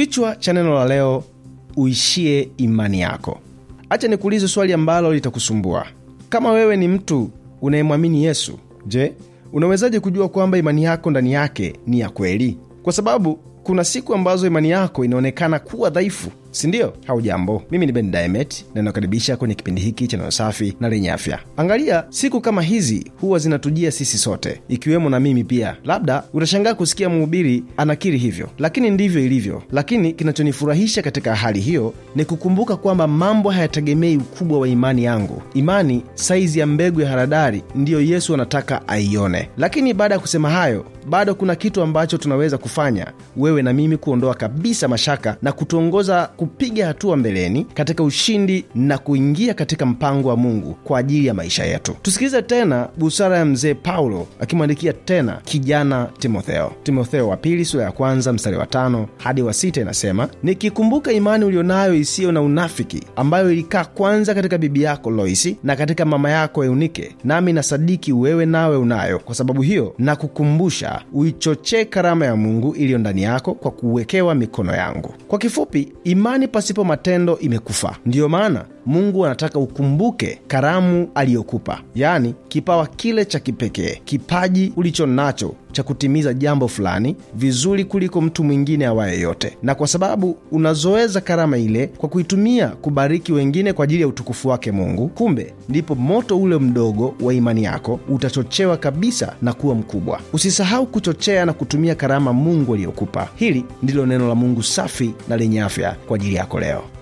Kichwa cha neno la leo, uishie imani yako. Acha nikuulize swali ambalo litakusumbua. Kama wewe ni mtu unayemwamini Yesu, je, unawezaje kujua kwamba imani yako ndani yake ni ya kweli? Kwa sababu kuna siku ambazo imani yako inaonekana kuwa dhaifu, sindio jambo mimi ni ben dimet na inakaribisha kwenye kipindi hiki cha neno safi na lenye afya angalia siku kama hizi huwa zinatujia sisi sote ikiwemo na mimi pia labda utashangaa kusikia mhubiri anakiri hivyo lakini ndivyo ilivyo lakini kinachonifurahisha katika hali hiyo ni kukumbuka kwamba mambo hayategemei ukubwa wa imani yangu imani saizi ya mbegu ya haradari ndiyo yesu anataka aione lakini baada ya kusema hayo bado kuna kitu ambacho tunaweza kufanya wewe na mimi kuondoa kabisa mashaka na kutuongoza kupiga hatua mbeleni katika ushindi na kuingia katika mpango wa Mungu kwa ajili ya maisha yetu. Tusikilize tena busara ya mzee Paulo akimwandikia tena kijana Timotheo. Timotheo wa pili sura ya kwanza mstari wa tano hadi wa sita inasema, nikikumbuka imani ulionayo isiyo na unafiki, ambayo ilikaa kwanza katika bibi yako Loisi na katika mama yako Eunike, nami nasadiki wewe nawe unayo. Kwa sababu hiyo nakukumbusha uichochee karama ya Mungu iliyo ndani yako kwa kuwekewa mikono yangu. Kwa kifupi imani imani pasipo matendo imekufa. Ndiyo maana Mungu anataka ukumbuke karamu aliyokupa, yaani kipawa kile cha kipekee, kipaji ulicho nacho cha kutimiza jambo fulani vizuri kuliko mtu mwingine awaye yote, na kwa sababu unazoweza karama ile kwa kuitumia kubariki wengine kwa ajili ya utukufu wake Mungu, kumbe ndipo moto ule mdogo wa imani yako utachochewa kabisa na kuwa mkubwa. Usisahau kuchochea na kutumia karama Mungu aliyokupa. Hili ndilo neno la Mungu safi na lenye afya kwa ajili yako leo.